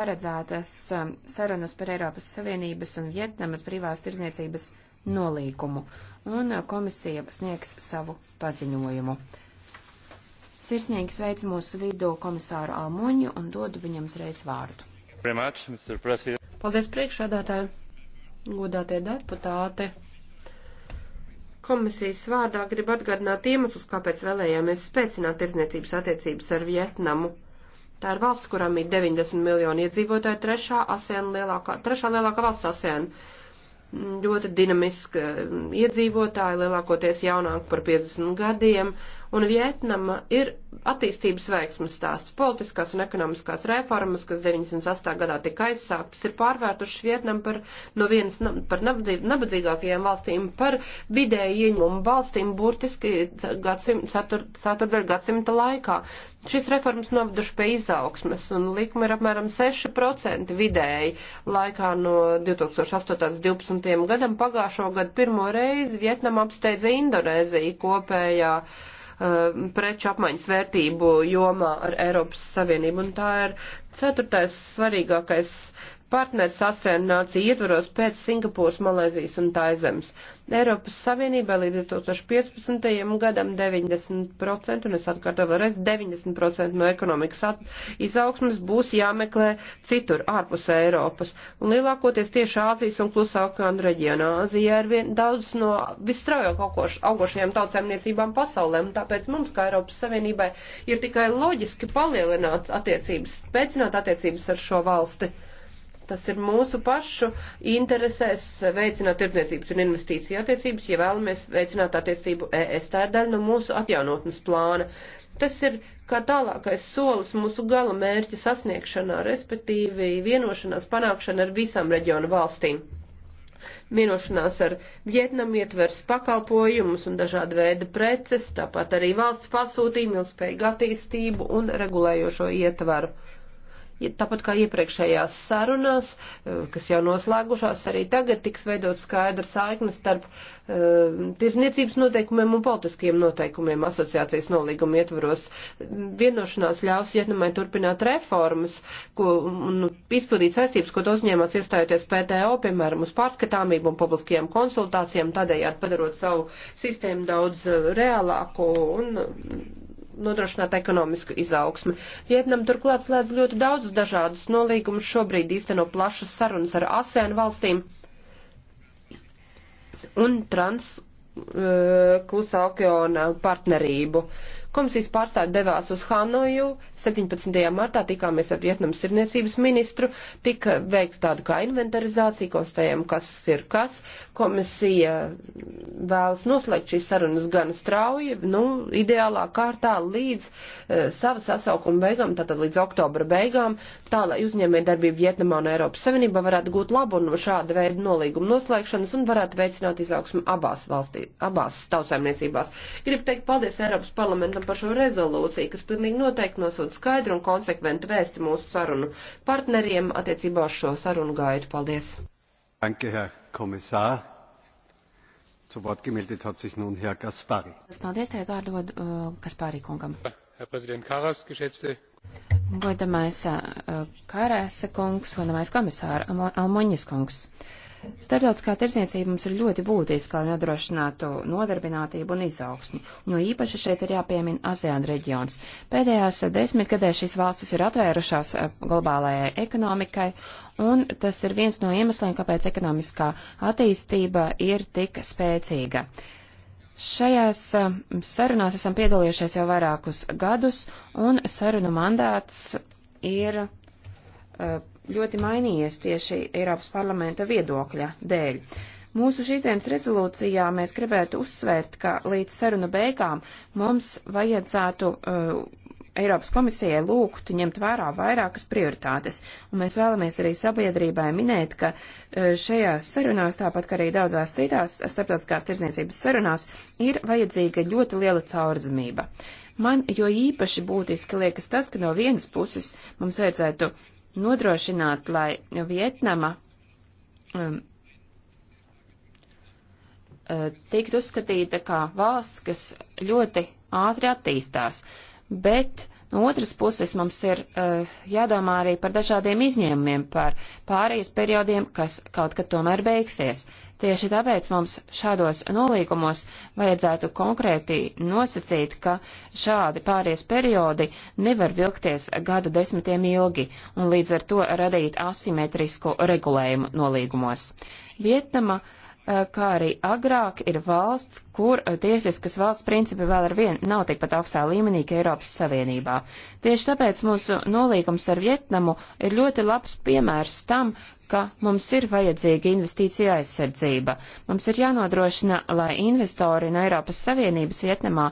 paredzētas um, sarunas par Eiropas Savienības un Vietnamas brīvās tirzniecības nolīkumu, un uh, komisija sniegs savu paziņojumu. Sirsnīgi sveicu mūsu vidū komisāru Almuņu un dodu viņam uzreiz vārdu. Much, Paldies priekšādātāji, godātie deputāti. Komisijas vārdā grib atgādināt iemeslus, kāpēc vēlējāmies spēcināt tirzniecības attiecības ar Vietnamu. Tā ir valsts, kuram ir 90 miljoni iedzīvotāji, trešā, ASEAN lielākā, trešā lielākā valsts ASEAN. Ļoti dinamiski eh, iedzīvotāji, lielākoties jaunāki par 50 gadiem, un Vietnama ir attīstības veiksmas stāsts. Politiskās un ekonomiskās reformas, kas 98. gadā tika aizsāktas, ir pārvērtušas Vietnam par no vienas par nabadzīgākajām valstīm, par vidēju ieņemumu valstīm burtiski gadsim, ceturtdaļu gadsimta laikā. Šis reformas novaduši pie izaugsmes, un likme ir apmēram 6% vidēji laikā no 2008.12. gadam. Pagājušo gadu pirmo reizi Vietnam apsteidza Indonēziju kopējā uh, Uh, preču apmaiņas vērtību jomā ar Eiropas Savienību. Un tā ir ceturtais svarīgākais uh, partners ASEAN nācija ietvaros pēc Singapūras, Malēzijas un Taizemes. Eiropas Savienībā līdz 2015. gadam 90%, un es atkārtoju vēlreiz, 90% no ekonomikas izaugsmas būs jāmeklē citur, ārpus Eiropas. Un lielākoties tieši Āzijas un Klusā okeāna reģionā. Āzijā ir vien daudz no visstraujāk augošajām tautsēmniecībām pasaulēm, un tāpēc mums, kā Eiropas Savienībai, ir tikai loģiski palielināts attiecības, spēcināt attiecības ar šo valsti. Tas ir mūsu pašu interesēs veicināt tirdzniecības un investīciju attiecības, ja vēlamies veicināt attiecību ES. Tā ir daļa no mūsu atjaunotnes plāna. Tas ir kā tālākais solis mūsu gala mērķa sasniegšanā, respektīvi vienošanās panākšana ar visām reģionu valstīm. Vienošanās ar Vietnamu ietvers pakalpojumus un dažādu veidu preces, tāpat arī valsts pasūtījumu, ilgspējīgu attīstību un regulējošo ietvaru. Tāpat kā iepriekšējās sarunās, eh, kas jau noslēgušās, arī tagad tiks veidot skaidra saikne starp uh, tirsniecības noteikumiem un politiskiem noteikumiem asociācijas nolīguma ietvaros. Vienošanās ļaus Vietnamai turpināt reformas, ko nu, izpildīt saistības, ko uzņēmās iestājoties PTO, piemēram, uz pārskatāmību un publiskajām konsultācijām, tādējādi padarot savu sistēmu daudz eh, reālāku un nodrošināt ekonomisku izaugsmu. Vietnam turklāt slēdz ļoti daudzus dažādus nolīgumus, šobrīd īsteno plašas sarunas ar ASEAN valstīm un trans eh, klusā okeāna partnerību. Komisijas pārstāvi devās uz Hanoju, 17. martā tikāmies ar Vietnams sirdniecības ministru, tika veikts tāda kā inventarizācija, konstatējām, kas ir kas. Komisija vēlas noslēgt šīs sarunas gan strauji, nu, ideālā kārtā līdz uh, sava sasaukuma beigām, tātad līdz oktobra beigām, tā, lai uzņēmē darbību Vietnamā un Eiropas Savienībā varētu gūt labu no šāda veida nolīguma noslēgšanas un varētu veicināt izaugsmu abās valstī, abās tautsēmniecībās. Gribu teikt paldies Eiropas parlamentam balsojam par šo rezolūciju, kas pilnīgi noteikti nosūta skaidru un konsekventu vēsti mūsu sarunu partneriem attiecībā uz šo sarunu gaitu. Paldies! Danke, Herr Kommissar. Zu Wort gemeldet hat sich nun Herr Gaspari. Paldies, tagad vārdu dod uh, Gaspari kungam. Herr Präsident Karas, geschätzte Godamais uh, Kārēsa kungs, godamais komisāra Almoņas kungs. Startautiskā tirzniecība mums ir ļoti būtiska, lai nodrošinātu nodarbinātību un izaugsmi, jo īpaši šeit ir jāpiemina ASEAN reģions. Pēdējās desmitgadē šīs valstis ir atvērušās eh, globālajai ekonomikai, un tas ir viens no iemesliem, kāpēc ekonomiskā attīstība ir tik spēcīga. Šajās eh, sarunās esam piedalījušies jau vairākus gadus, un sarunu mandāts ir uh, ļoti mainījies tieši Eiropas parlamenta viedokļa dēļ. Mūsu šīsdienas rezolūcijā mēs gribētu uzsvērt, ka līdz sarunu beigām mums vajadzētu uh, Eiropas komisijai lūgt ņemt vērā vairākas prioritātes, un mēs vēlamies arī sabiedrībai minēt, ka uh, šajās sarunās, tāpat kā arī daudzās citās starptautiskās tirdzniecības sarunās, ir vajadzīga ļoti liela caurzmība. Man jo īpaši būtiski liekas tas, ka no vienas puses mums vajadzētu nodrošināt, lai Vietnama um, uh, tiktu uzskatīta kā valsts, kas ļoti ātri attīstās, bet no otras puses mums ir uh, jādomā arī par dažādiem izņēmumiem, par pārējais periodiem, kas kaut kad tomēr beigsies. Uh, Tieši tāpēc mums šādos nolīgumos vajadzētu konkrēti nosacīt, ka šādi pāries periodi nevar vilkties gadu desmitiem ilgi un līdz ar to radīt asimetrisku regulējumu nolīgumos. Vietnama eh, kā arī agrāk ir valsts, kur eh, tiesiskas valsts principi vēl ar vienu nav tikpat augstā līmenī kā Eiropas Savienībā. Tieši tāpēc mūsu nolīgums ar Vietnamu ir ļoti labs piemērs tam, ka mums ir vajadzīga investīcija aizsardzība. Mums ir jānodrošina, lai investori no Eiropas Savienības Vietnamā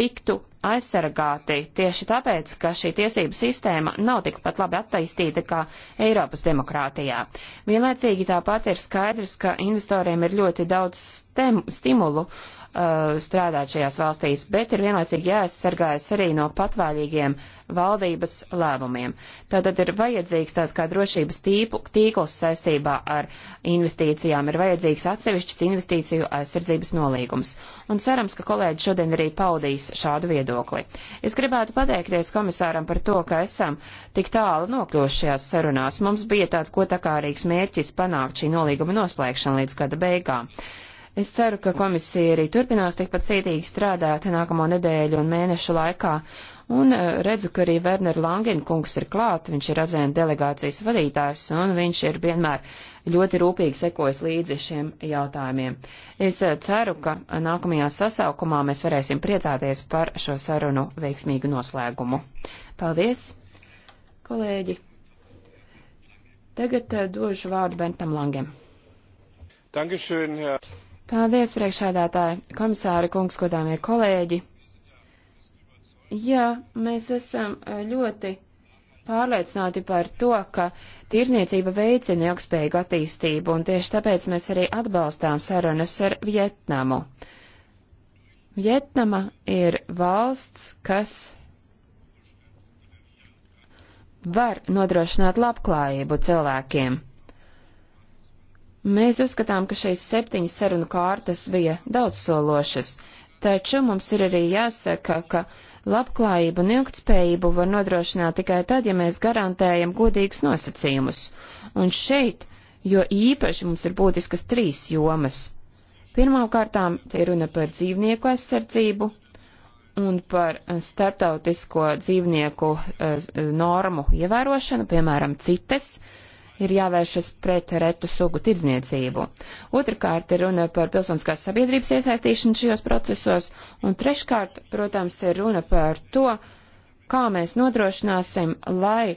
tiktu aizsargāti tieši tāpēc, ka šī tiesību sistēma nav tik pat labi attīstīta kā Eiropas demokrātijā. Vienlaicīgi tāpat ir skaidrs, ka investoriem ir ļoti daudz stem, stimulu Uh, strādāt šajās valstīs, bet ir vienlaicīgi jāaizsargājas arī no patvaļīgiem valdības lēmumiem. Tātad ir vajadzīgs tāds kā drošības tīpu, tīkls saistībā ar investīcijām, ir vajadzīgs atsevišķs investīciju aizsardzības nolīgums. Un cerams, ka kolēģi šodien arī paudīs šādu viedokli. Es gribētu pateikties komisāram par to, ka esam tik tālu nokļuvuši šajās sarunās. Mums bija tāds kotakārīgs mērķis panākt šī nolīguma noslēgšana līdz gada beigām. Es ceru, ka komisija arī turpinās tikpat cītīgi strādāt nākamo nedēļu un mēnešu laikā, un eh, redzu, ka arī Werner Langenkungs ir klāt, viņš ir azēna delegācijas vadītājs, un viņš ir vienmēr ļoti rūpīgi sekojis līdzi šiem jautājumiem. Es eh, ceru, ka nākamajā sasaukumā mēs varēsim priecāties par šo sarunu veiksmīgu noslēgumu. Paldies, kolēģi! Tagad eh, došu vārdu Bentam Langem. Dankeschön, Herr. Paldies, priekšādātāji, komisāri, kungs, godāmie kolēģi. Jā, mēs esam e, ļoti pārliecināti par to, ka tirzniecība veicina ilgspējīgu attīstību, un tieši tāpēc mēs arī atbalstām sarunas ar Vietnamu. Vietnama ir valsts, kas var nodrošināt labklājību cilvēkiem. Mēs uzskatām, ka šīs septiņas sarunu kārtas bija daudzsološas, taču mums ir arī jāsaka, ka labklājību un ilgtspējību var nodrošināt tikai tad, ja mēs garantējam godīgus nosacījumus. Un šeit, jo īpaši mums ir būtiskas trīs jomas. Pirmkārtām te ir runa par dzīvnieku aizsardzību un par eh, starptautisko dzīvnieku eh, normu ievērošanu, piemēram, citas. Uh, ir jāvēršas pret retu sugu tirdzniecību. Otrakārt ir runa par pilsoniskās sabiedrības iesaistīšanu šajos procesos, un treškārt, protams, ir runa par to, kā mēs nodrošināsim, lai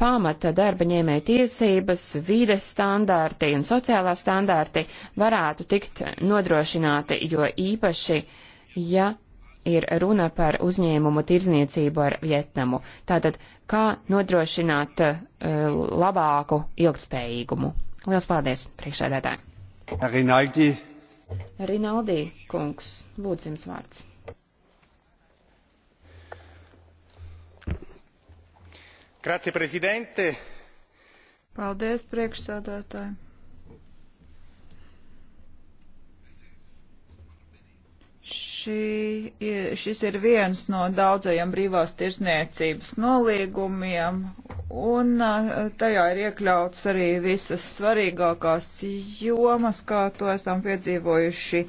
pamata darba ņēmēja tiesības, vīdes standārti un sociālā standārti varētu tikt nodrošināti, jo īpaši, ja ir runa par uzņēmumu tirzniecību ar Vietnamu. Tātad, kā nodrošināt uh, labāku ilgspējīgumu? Lielas paldies, priekšēdētāji! Rinaldi. Rinaldi, kungs, lūdzu jums vārds. Grazie, prezidente. Paldies, priekšsādātāji. Šī, šis ir viens no daudzajiem brīvās tirsniecības noliegumiem, un tajā ir iekļauts arī visas svarīgākās jomas, kā to esam piedzīvojuši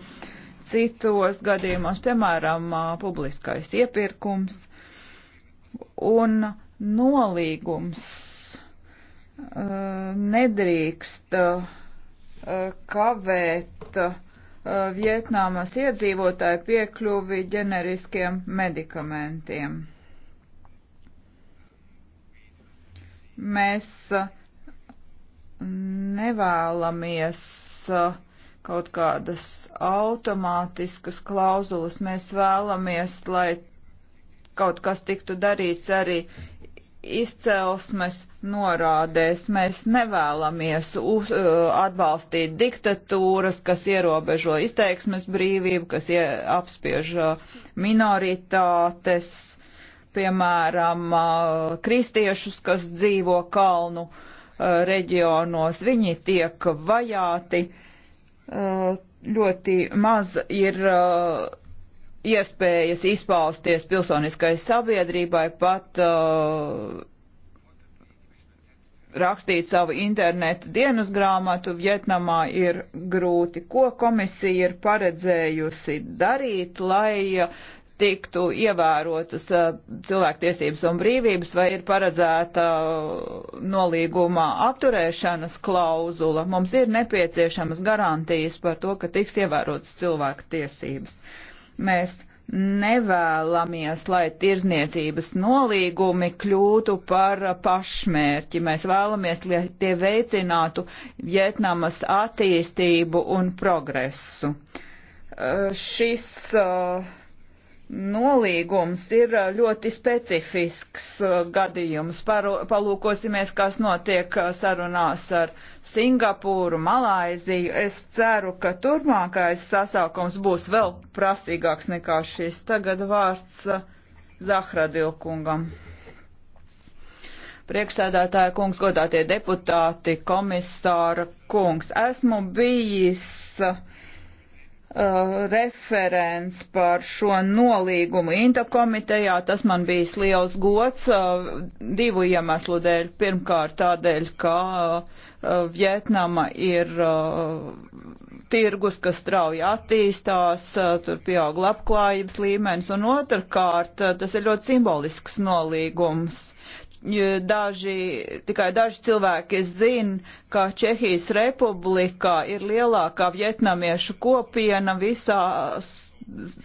citos gadījumos, piemēram, publiskais iepirkums un nolīgums nedrīkst kavēt Uh, Vietnamas iedzīvotāju piekļuvi ģeneriskiem medikamentiem. Mēs uh, nevēlamies uh, kaut kādas automātiskas klauzulas, mēs vēlamies, lai kaut kas tiktu darīts arī izcelsmes norādēs. Mēs nevēlamies uz, uh, atbalstīt diktatūras, kas ierobežo izteiksmes brīvību, kas ie, apspiež uh, minoritātes, piemēram, uh, kristiešus, kas dzīvo kalnu reģionos. Viņi tiek vajāti. Ļoti maz ir uh, iespējas izpausties pilsoniskai sabiedrībai, pat uh, rakstīt savu internetu dienas grāmatu Vietnamā ir grūti. Ko komisija ir paredzējusi darīt, lai uh, tiktu ievērotas uh, cilvēktiesības un brīvības, vai ir paredzēta uh, nolīgumā apturēšanas klauzula? Mums ir nepieciešamas garantijas par to, ka tiks ievērotas cilvēktiesības. tiesības. Mēs nevēlamies, lai tirzniecības nolīgumi kļūtu par pašmērķi. Mēs vēlamies, lai tie veicinātu Vietnamas attīstību un progresu. Šis uh, nolīgums ir ļoti specifisks gadījums. Paru, palūkosimies, kas notiek sarunās ar Singapūru, Malaiziju. Es ceru, ka turpmākais sasaukums būs vēl prasīgāks nekā šis. Tagad vārds Zahradilkungam. Priekšsēdētāja kungs, godātie deputāti, komisāra kungs, esmu bijis uh, Uh, referents par šo nolīgumu Inta komitejā. Tas man bijis liels gods uh, divu iemeslu dēļ. Pirmkārt tādēļ, ka uh, Vietnama ir uh, tirgus, kas strauji attīstās, uh, tur pieaug labklājības līmenis, un otrkārt uh, tas ir ļoti simbolisks nolīgums daži, tikai daži cilvēki zina, ka Čehijas republikā ir lielākā vietnamiešu kopiena visā,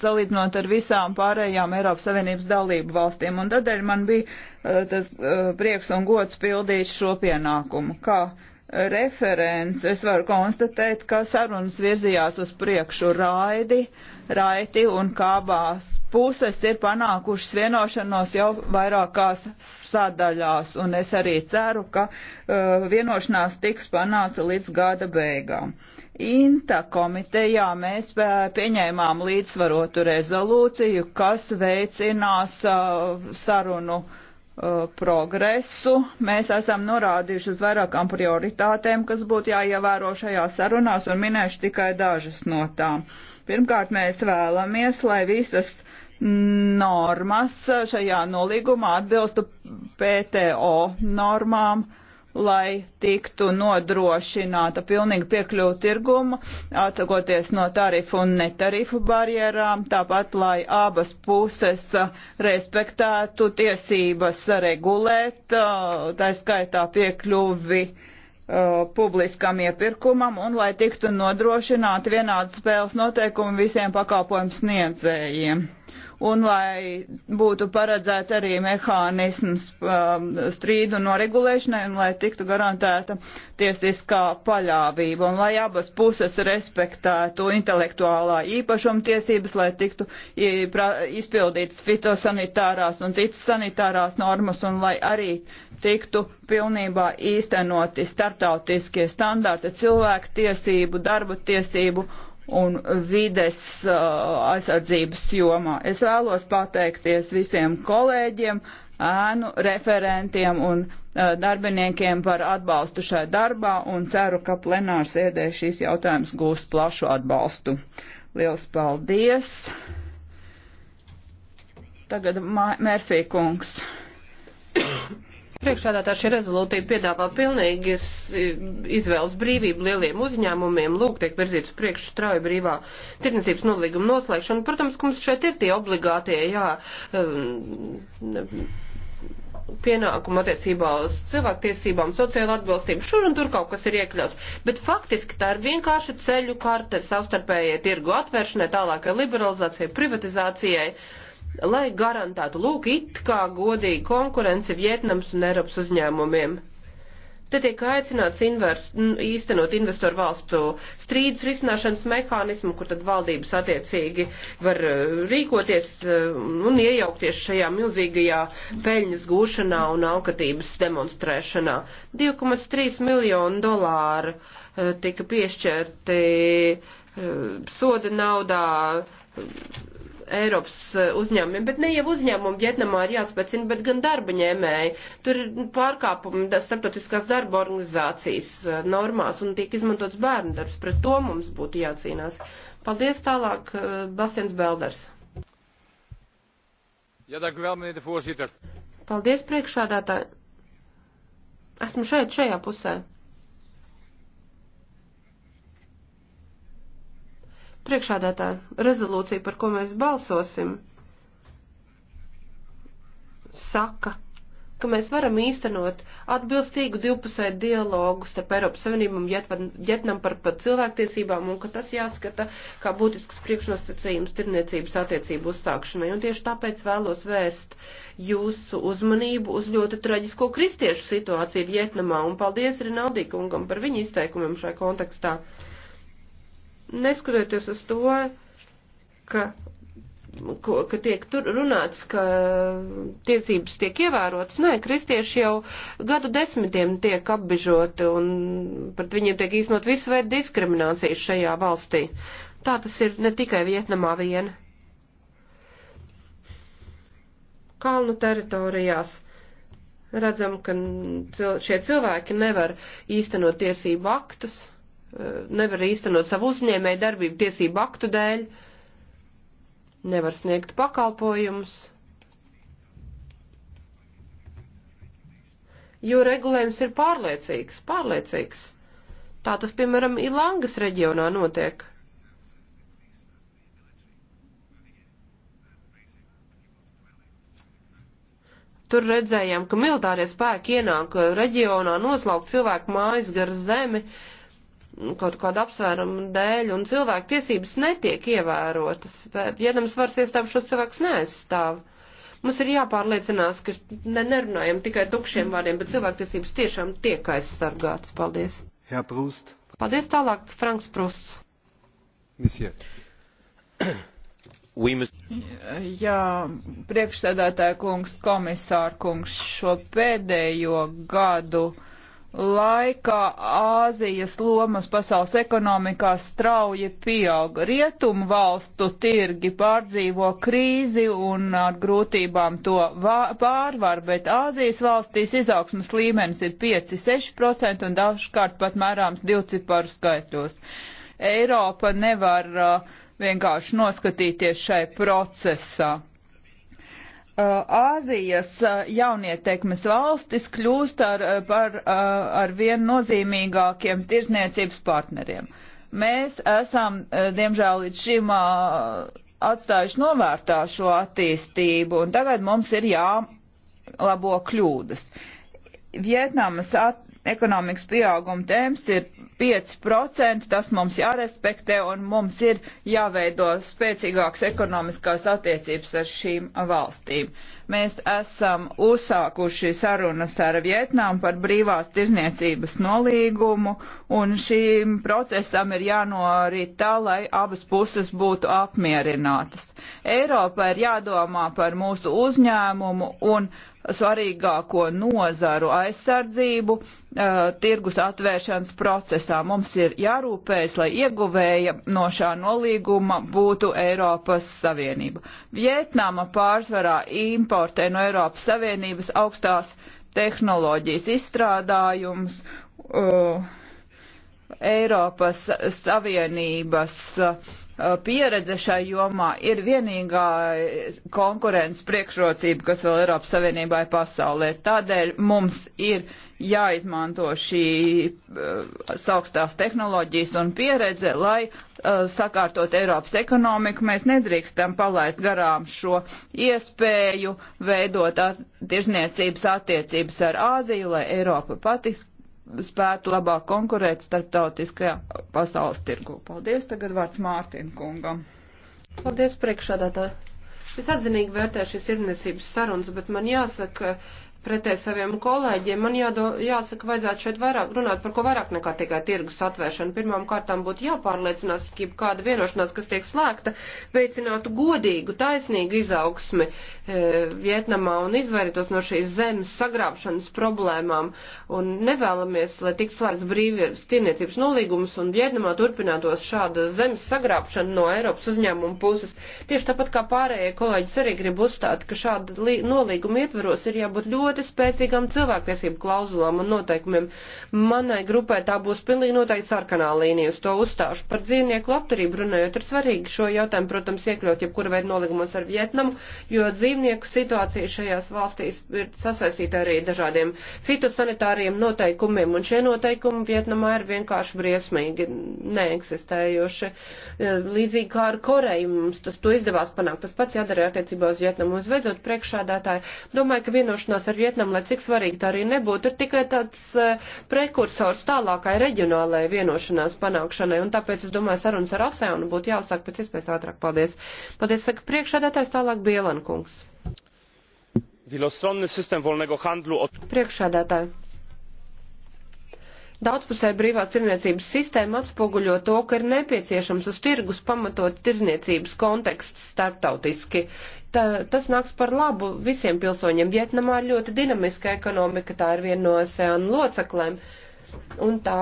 salīdzinot ar visām pārējām Eiropas Savienības dalību valstīm. Un tādēļ man bija eh, tas eh, prieks un gods pildīt šo pienākumu. Kā referents, es varu konstatēt, ka sarunas virzījās uz priekšu raidi, raiti un kābās puses ir panākušas vienošanos jau vairākās sadaļās, un es arī ceru, ka uh, vienošanās tiks panākta līdz gada beigām. Inta komitejā mēs uh, pieņēmām līdzsvarotu rezolūciju, kas veicinās uh, sarunu uh, Uh, progresu. Mēs esam norādījuši uz vairākām prioritātēm, kas būtu jāievēro šajā sarunās, un minēšu tikai dažas no tām. Pirmkārt, mēs vēlamies, lai visas normas šajā nolīgumā atbilstu PTO normām. Uh, lai tiktu nodrošināta pilnīga piekļuva tirguma, atsakoties no tarifu un netarifu barjerām, tāpat lai abas puses respektētu tiesības regulēt, tā skaitā piekļuvi publiskam iepirkumam un lai tiktu nodrošināti vienādas spēles noteikumi visiem pakalpojumu sniedzējiem un lai būtu paredzēts arī mehānisms um, strīdu noregulēšanai un lai tiktu garantēta tiesiskā paļāvība un lai abas puses respektētu intelektuālā īpašuma tiesības, lai tiktu izpildītas fitosanitārās un citas sanitārās normas un lai arī tiktu pilnībā īstenoti starptautiskie standarti cilvēku tiesību, darba tiesību un vides uh, aizsardzības jomā. Es vēlos pateikties visiem kolēģiem, ēnu referentiem un uh, darbiniekiem par atbalstu šai darbā un ceru, ka plenārs sēdē šīs jautājums gūs plašu atbalstu. Liels paldies! Tagad Mērfī kungs. Priekšādātā šī rezolūtība piedāvā pilnīgi izvēles brīvību lieliem uzņēmumiem, lūk, tiek virzīts priekš strauja brīvā tirnicības nolīguma noslēgšana. Protams, ka mums šeit ir tie obligātie, jā, um, pienākumu attiecībā uz cilvēktiesībām, sociālu atbilstību. Šur un tur kaut kas ir iekļauts. Bet faktiski tā ir vienkārši ceļu karte savstarpējai tirgu atvēršanai, tālākai liberalizācijai, privatizācijai. Uh, lai garantētu, lūk, it kā godīgi konkurence Vietnams un Eiropas uzņēmumiem. Te tiek aicināts invers, īstenot investoru valstu strīdus risināšanas mehānismu, kur tad valdības attiecīgi var e, rīkoties e, un iejaukties šajā milzīgajā peļņas gūšanā un alkatības demonstrēšanā. 2,3 miljonu dolāru e, tika piešķirti soda naudā Eiropas e, uzņēmumiem, bet ne jau uzņēmumu Vietnamā ir jāspēcina, bet gan darba ņēmēji. Tur ir pārkāpumi starptautiskās darba organizācijas e, normās un tiek izmantots bērnu darbs. Pret to mums būtu jācīnās. Paldies tālāk, e, Bastians Belders. Ja, dank u wel, meneer de voorzitter. Paldies, priekšādātāji. Esmu šeit, šajā pusē. Priekšādātāji, rezolūcija, par ko mēs balsosim, saka, ka mēs varam īstenot atbilstīgu divpusēju dialogu starp Eiropas Savienību un Vietnam par, par cilvēktiesībām un ka tas jāskata kā būtisks priekšnosacījums tirniecības attiecību uzsākšanai. Un tieši tāpēc vēlos vēst jūsu uzmanību uz ļoti traģisko kristiešu situāciju Vietnamā un paldies Rinaldī kungam par viņa izteikumiem šai kontekstā neskatoties uz to, ka, ko, ka tiek tur runāts, ka tiesības tiek ievērotas, nē, kristieši jau gadu desmitiem tiek apbežoti un pret viņiem tiek īstenot visu veidu diskriminācijas šajā valstī. Tā tas ir ne tikai Vietnamā vien. Kalnu teritorijās redzam, ka cil šie cilvēki nevar īstenot tiesību aktus nevar īstenot savu uzņēmēju darbību tiesību aktu dēļ, nevar sniegt pakalpojumus, jo regulējums ir pārliecīgs, pārliecīgs. Tā tas, piemēram, Ilangas reģionā notiek. Tur redzējām, ka militārie spēki ienāk reģionā, noslauk cilvēku mājas gar zemi, uh, Nu, kaut kādu apsvērumu dēļ, un cilvēku tiesības netiek ievērotas. Viedams varas iestādes šos cilvēkus neaizstāv. Mums ir jāpārliecinās, ka ne, nerunājam tikai tukšiem vārdiem, bet cilvēktiesības tiešām tiek aizsargātas. Paldies. Jā, Prūst. Paldies tālāk, Franks Prūsts. Misjē. Jā, priekšsēdētāja kungs, komisāra kungs, šo pēdējo gadu laikā Āzijas lomas pasaules ekonomikā strauji pieauga. Rietumu valstu tirgi pārdzīvo krīzi un ar grūtībām to pārvar, bet Āzijas valstīs izaugsmas līmenis ir 5-6% un dažkārt pat mērāms divciparu skaitļos. Eiropa nevar uh, vienkārši noskatīties šai procesā Uh, Āzijas uh, jaunietekmes valstis kļūst ar, uh, par ar vien nozīmīgākiem tirzniecības partneriem. Mēs esam, diemžēl, līdz šim atstājuši novērtā šo attīstību, un tagad mums ir jālabo kļūdas. Vietnamas at ekonomikas pieauguma tēms ir 5%, tas mums jārespektē un mums ir jāveido spēcīgāks ekonomiskās attiecības ar šīm valstīm. Mēs esam uzsākuši sarunas ar Vietnām par brīvās tirzniecības nolīgumu un šīm procesam ir jānorīt tā, lai abas puses būtu apmierinātas. Eiropā ir jādomā par mūsu uzņēmumu un svarīgāko nozaru aizsardzību uh, tirgus atvēršanas procesā. Mums ir jārūpējas, lai ieguvēja no šā nolīguma būtu Eiropas Savienība. Vietnama pārsvarā importē no Eiropas Savienības augstās tehnoloģijas izstrādājumus. Uh, Eiropas Savienības uh, Uh, pieredze šai jomā ir vienīgā konkurences priekšrocība, kas vēl Eiropas Savienībai pasaulē. Tādēļ mums ir jāizmanto šī uh, saukstās tehnoloģijas un pieredze, lai uh, sakārtot Eiropas ekonomiku. Mēs nedrīkstam palaist garām šo iespēju veidot tirzniecības attiecības ar Āziju, lai Eiropa patis spētu labāk konkurēt starptautiskajā pasaules tirgu. Paldies, tagad vārds Mārtiņa kungam. Paldies, priekšādātā. Es atzinīgi vērtēju šīs izniecības sarunas, bet man jāsaka, ka pretēji saviem kolēģiem, man jādo, jāsaka, vajadzētu šeit vairāk runāt par ko vairāk nekā tikai tirgus atvēršanu. Pirmām kārtām būtu jāpārliecinās, ka kāda vienošanās, kas tiek slēgta, veicinātu godīgu, taisnīgu izaugsmi e, Vietnamā un izvairītos no šīs zemes sagrābšanas problēmām. Un nevēlamies, lai tiktu slēgts brīvies tirniecības nolīgums un Vietnamā turpinātos šāda zemes sagrābšana no Eiropas uzņēmuma puses. Tieši tāpat kā pārējie kolēģis arī grib uzstāt, ka šāda nolīguma ietveros ir jābūt ļoti ļoti spēcīgām cilvēktiesību klauzulām un noteikumiem. Manai grupai tā būs pilnīgi noteikti sarkanā līnija, uz to uzstāšu. Par dzīvnieku labturību runājot, ir svarīgi šo jautājumu, protams, iekļaut jebkura veida nolīgumos ar Vietnamu, jo dzīvnieku situācija šajās valstīs ir sasaistīta arī dažādiem fitosanitāriem noteikumiem, un šie noteikumi Vietnamā ir vienkārši briesmīgi, neeksistējoši. E, līdzīgi kā ar Koreju mums tas to izdevās panākt. Tas pats jādara attiecībā uz Vietnamu. Uzvedzot priekšādātāju, domāju, ka vienošanās ar Vietnamu Vietnam, lai cik svarīgi tā arī nebūtu, ir tikai tāds e, prekursors tālākai reģionālajai vienošanās panākšanai, un tāpēc es domāju, sarunas ar ASEANu būtu jāsāk pēc iespējas ātrāk. Paldies. Paldies, saka priekšādātājs tālāk Bielankungs. Priekšādātāji. Daudzpusē brīvās tirniecības sistēma atspoguļo to, ka ir nepieciešams uz tirgus pamatot tirniecības konteksts starptautiski, tā, tas nāks par labu visiem pilsoņiem. Vietnamā ir ļoti dinamiska ekonomika, tā ir viena no ASEAN loceklēm. Un tā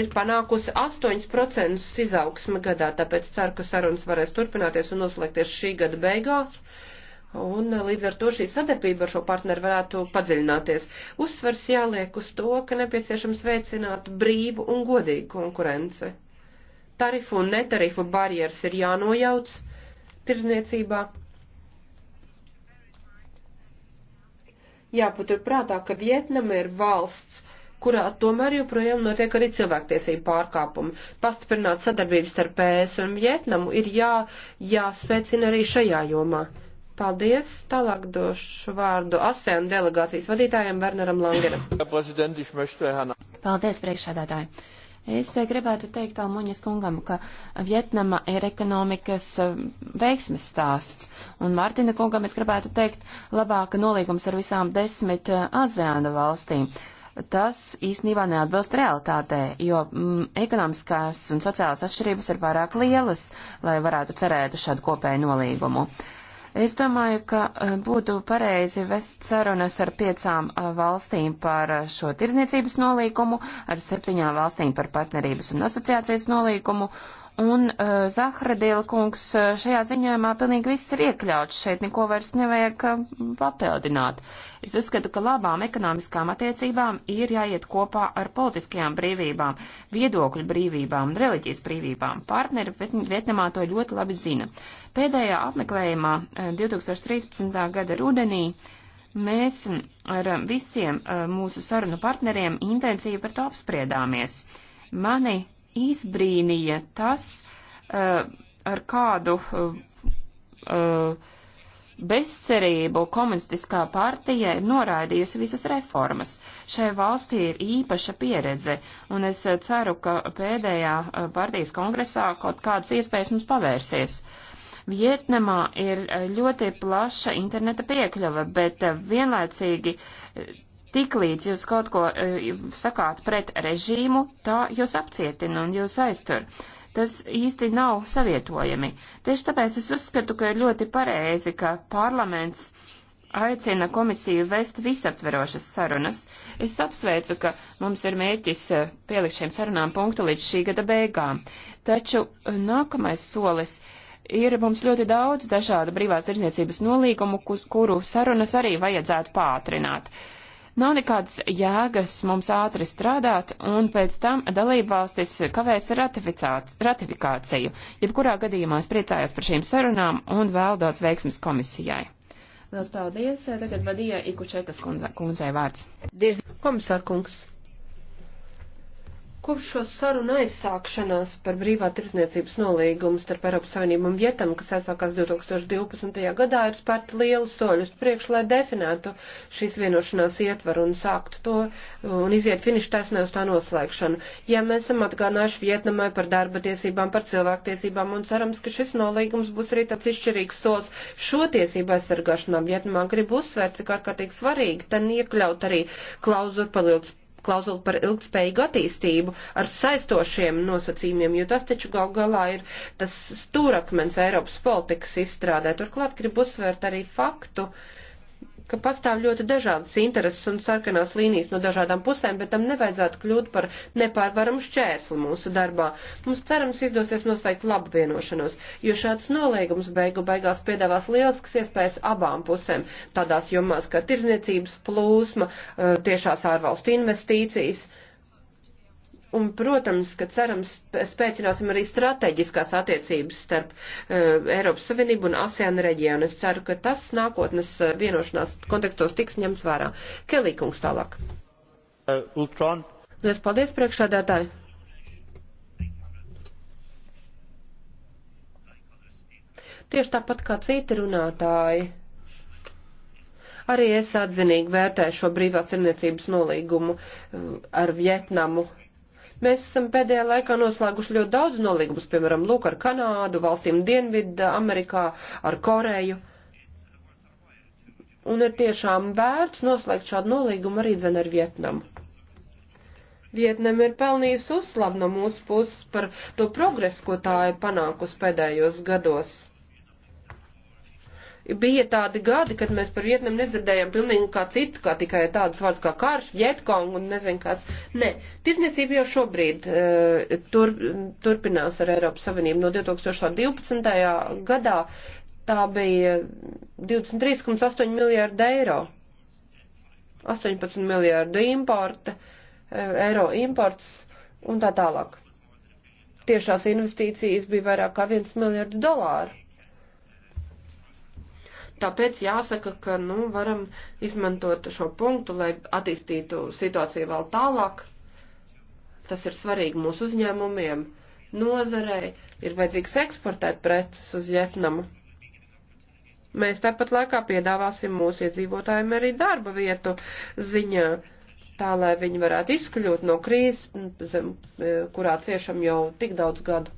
ir panākusi 8% izaugsme gadā, tāpēc ceru, ka sarunas varēs turpināties un noslēgties šī gada beigās. Un līdz ar to šī sadarbība ar šo partneri varētu padziļināties. Uzsvers jāliek uz to, ka nepieciešams veicināt brīvu un godīgu konkurenci. Tarifu un netarifu barjeras ir jānojauc tirzniecībā jāpatur prātā, ka Vietnama ir valsts, kurā tomēr joprojām notiek arī cilvēktiesību pārkāpumi. Pastiprināt sadarbības starp PS e un Vietnamu ir jā, jāspēcina arī šajā jomā. Paldies. Tālāk došu vārdu ASEAN delegācijas vadītājiem Werneram Langeram. Paldies, priekšsēdētāji. Es gribētu teikt Almuņas kungam, ka Vietnama ir ekonomikas eh, veiksmes stāsts, un Mārtina kungam es gribētu teikt labāka nolīgums ar visām desmit eh, ASEANA valstīm. Tas īstenībā neatbilst realitātē, jo mm, ekonomiskās un sociālās atšķirības ir pārāk lielas, lai varētu cerēt uz šādu kopēju nolīgumu. Uh, Es domāju, ka eh, būtu pareizi vest sarunas ar piecām eh, valstīm par eh, šo tirzniecības nolīkumu, ar septiņām valstīm par partnerības un asociācijas nolīkumu Un uh, Zahradila kungs uh, šajā ziņojumā pilnīgi viss ir iekļauts šeit, neko vairs nevajag uh, papildināt. Es uzskatu, ka labām ekonomiskām attiecībām ir jāiet kopā ar politiskajām brīvībām, viedokļu brīvībām un reliģijas brīvībām. Partneri Vietnamā to ļoti labi zina. Pēdējā apmeklējumā 2013. Uh, gada rudenī mēs ar visiem mūsu sarunu partneriem intensīvi par to apspriedāmies. Mani izbrīnīja tas, eh, ar kādu eh, eh, bezcerību komunistiskā partija ir noraidījusi visas reformas. Šai valstī ir īpaša pieredze, un es ceru, ka pēdējā partijas kongresā kaut kādas iespējas mums pavērsies. Vietnamā ir ļoti plaša interneta piekļuva, bet vienlaicīgi Tiklīdz jūs kaut ko e, sakāt pret režīmu, tā jūs apcietina un jūs aiztur. Tas īsti nav savietojami. Tieši tāpēc es uzskatu, ka ir ļoti pareizi, ka parlaments aicina komisiju vest visaptverošas sarunas. Es apsveicu, ka mums ir mēķis e, pielikt šiem sarunām punktu līdz šī gada beigām. Taču e, nākamais solis ir mums ļoti daudz dažādu brīvās tirdzniecības nolīgumu, kurus, kuru sarunas arī vajadzētu pātrināt. Uh, Nav nekādas jēgas mums ātri strādāt, un pēc tam dalībvalstis kavēs ratifikāciju. Jebkurā gadījumā es priecājos par šīm sarunām un vēl daudz veiksmes komisijai. Lielas paldies! Tagad vadīja Ikučetas kundzei vārds. Komisār kungs! Kopš šo sarunu aizsākšanās par brīvā tirsniecības nolīgumu starp Eiropas Savienību un Vietam, kas aizsākās 2012. gadā, ir spērta lielu soļus priekš, lai definētu šīs vienošanās ietvaru un sāktu to un iziet finišu taisnē uz tā noslēgšanu. Ja mēs esam atgādinājuši Vietnamai par darba tiesībām, par cilvēktiesībām un cerams, ka šis nolīgums būs arī tāds izšķirīgs solis šo tiesību aizsargāšanā Vietnamā, gribu uzsvērt, cik ārkārtīgi svarīgi, ten iekļaut arī klauzuru palīdzību klauzulu par ilgspējīgu attīstību ar saistošiem nosacījumiem, jo tas taču gal galā ir tas stūrakmens Eiropas politikas izstrādē. Turklāt gribu uzsvērt arī faktu, uh, ka pastāv ļoti dažādas intereses un sarkanās līnijas no dažādām pusēm, bet tam nevajadzētu kļūt par nepārvaramu šķērsli mūsu darbā. Mums cerams izdosies nosaikt labu vienošanos, jo šāds nolīgums beigu beigās piedāvās lielisks iespējas abām pusēm, tādās jomās kā tirdzniecības plūsma, eh, tiešās ārvalstu investīcijas. Un, protams, ka cerams spēcināsim arī strateģiskās attiecības starp uh, Eiropas Savienību un ASEAN reģionu. Es ceru, ka tas nākotnes eh, vienošanās kontekstos tiks ņemts vērā. Kelīkungs tālāk. Uh, Lies paldies priekšādātāji. Tieši tāpat kā citi runātāji. Arī es atzinīgi vērtēju šo brīvās cirniecības nolīgumu eh, ar Vietnamu Mēs esam pēdējā laikā noslēguši ļoti daudz nolīgumus, piemēram, lūk, ar Kanādu, valstīm Dienvidu, Amerikā, ar Koreju. Un ir tiešām vērts noslēgt šādu nolīgumu arī dzen ar Vietnamu. Vietnam ir pelnījusi uzslavu no mūsu puses par to progresu, ko tā ir panākusi pēdējos gados bija tādi gadi, kad mēs par Vietnamu nedzirdējām pilnīgi kā citu, kā tikai tādus vārdus kā karš, Vietkong un nezinu kas. Nē, tirzniecība jau šobrīd uh, tur, turpinās ar Eiropas Savienību no 2012. gadā. Tā bija 23,8 miljārda eiro, 18 miljārdu importa, eh, eiro imports un tā tālāk. Tiešās investīcijas bija vairāk kā 1 miljards dolāru Tāpēc jāsaka, ka, nu, varam izmantot šo punktu, lai attīstītu situāciju vēl tālāk. Tas ir svarīgi mūsu uzņēmumiem, nozarei, ir vajadzīgs eksportēt preces uz Vietnamu. Mēs tāpat laikā piedāvāsim mūsu iedzīvotājiem arī darba vietu ziņā, tā lai viņi varētu izkļūt no krīzes, e, kurā ciešam jau tik daudz gadu.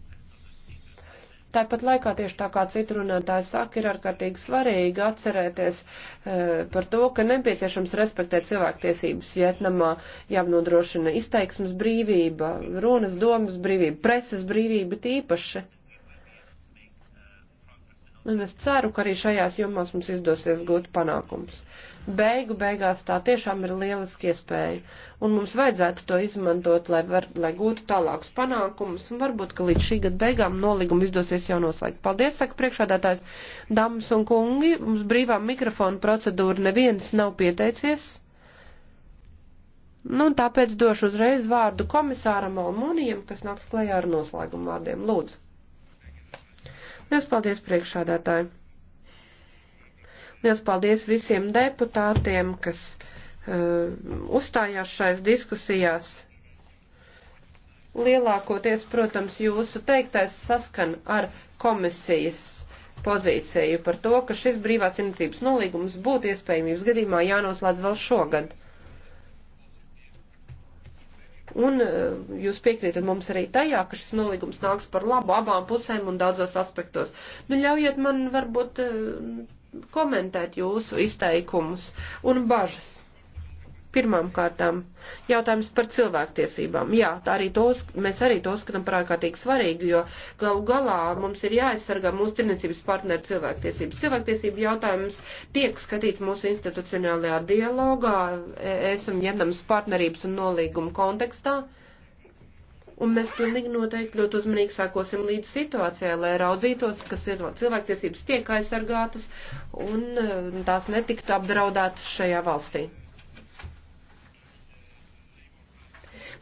Tāpat laikā, tieši tā kā citu runātāji saka, ir ārkārtīgi svarīgi atcerēties e, par to, ka nepieciešams respektēt cilvēktiesības Vietnamā, jānodrošina izteiksmes brīvība, runas domas brīvība, preses brīvība tīpaši un es ceru, ka arī šajās jomās mums izdosies gūt panākums. Beigu beigās tā tiešām ir lieliski iespēja, un mums vajadzētu to izmantot, lai, var, lai gūtu tālākus panākumus, un varbūt, ka līdz šī gada beigām nolīgumu izdosies jau noslēgt. Paldies, saka priekšādātājs, dāmas un kungi, mums brīvā mikrofona procedūra neviens nav pieteicies. Nu, tāpēc došu uzreiz vārdu komisāram Almonijam, kas nāks klajā ar noslēgumu vārdiem. Lūdzu. Liels paldies priekšādātāji! Liels paldies visiem deputātiem, kas uh, uzstājās šais diskusijās. Lielākoties, protams, jūsu teiktais saskan ar komisijas pozīciju par to, ka šis brīvās iniciatīvas nolīgums būtu iespējams gadījumā jānoslēdz vēl šogad. Un eh, jūs piekrītat mums arī tajā, ka šis nolīgums nāks par labu abām pusēm un daudzos aspektos. Nu, ļaujiet man varbūt eh, komentēt jūsu izteikumus un bažas. Pirmām kārtām jautājums par cilvēktiesībām. Jā, tā arī to, mēs arī to skatām par ārkārtīgi svarīgu, jo galu galā mums ir jāaizsargā mūsu tirniecības partneru cilvēktiesības. Cilvēktiesību jautājums tiek skatīts mūsu institucionālajā dialogā, e, esam vietnams partnerības un nolīguma kontekstā. Un mēs pilnīgi noteikti ļoti uzmanīgi sākosim līdz situācijai, lai raudzītos, ka cilvēktiesības tiek aizsargātas un e, tās netiktu apdraudētas šajā valstī.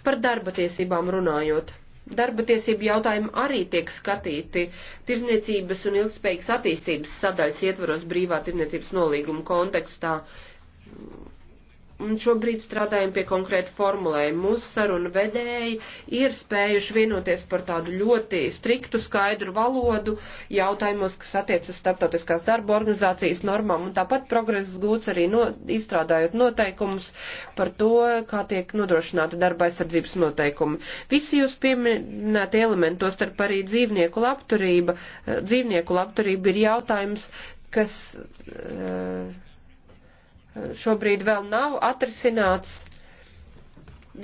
Par darba tiesībām runājot. Darba tiesību jautājumi arī tiek skatīti tirzniecības un ilgspējīgas attīstības sadaļas ietvaros brīvā tirzniecības nolīguma kontekstā un šobrīd strādājam pie konkrēta formulējuma. Mūsu saruna vedēji ir spējuši vienoties par tādu ļoti striktu, skaidru valodu jautājumos, kas attiec uz starptautiskās darba organizācijas normām, un tāpat progress gūts arī no, izstrādājot noteikumus par to, kā tiek nodrošināta darba aizsardzības noteikumi. Visi jūs pieminēti elementi, to starp arī dzīvnieku labturība, dzīvnieku labturība ir jautājums, kas. Uh, šobrīd vēl nav atrisināts.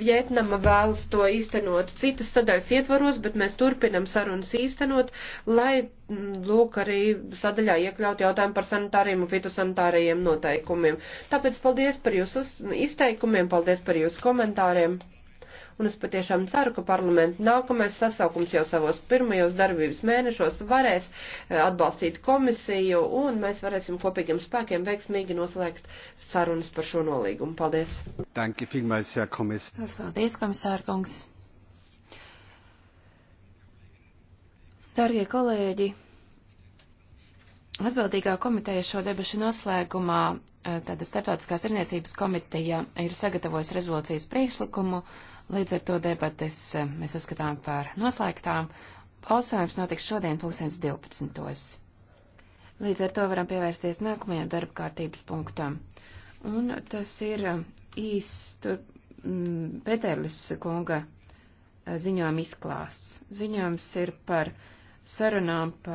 Vietnama vēlas to īstenot citas sadaļas ietvaros, bet mēs turpinam sarunas īstenot, lai, mm, lūk, arī sadaļā iekļaut jautājumu par sanitāriem un fitosanitārajiem noteikumiem. Tāpēc paldies par jūsu izteikumiem, paldies par jūsu komentāriem un es patiešām ceru, ka parlamenta nākamais sasaukums jau savos pirmajos darbības mēnešos varēs eh, atbalstīt komisiju, un mēs varēsim kopīgiem spēkiem veiksmīgi noslēgt sarunas par šo nolīgumu. Paldies! Danke vielmals, Herr Kommissar. Paldies, komisārkungs! Darbie kolēģi, atbildīgā komiteja šo debašu noslēgumā, eh, tāda starptautiskās rīniecības komiteja, ir sagatavojusi rezolūcijas priekšlikumu, uh, Līdz ar to debates eh, mēs uzskatām par noslēgtām. Balsojums notiks šodien 2012. Līdz ar to varam pievērsties nākamajam darba kārtības punktam. Un tas ir eh, īs tur, m, mm, Peterlis kunga eh, ziņojuma izklāsts. Ziņojums ir par sarunām par.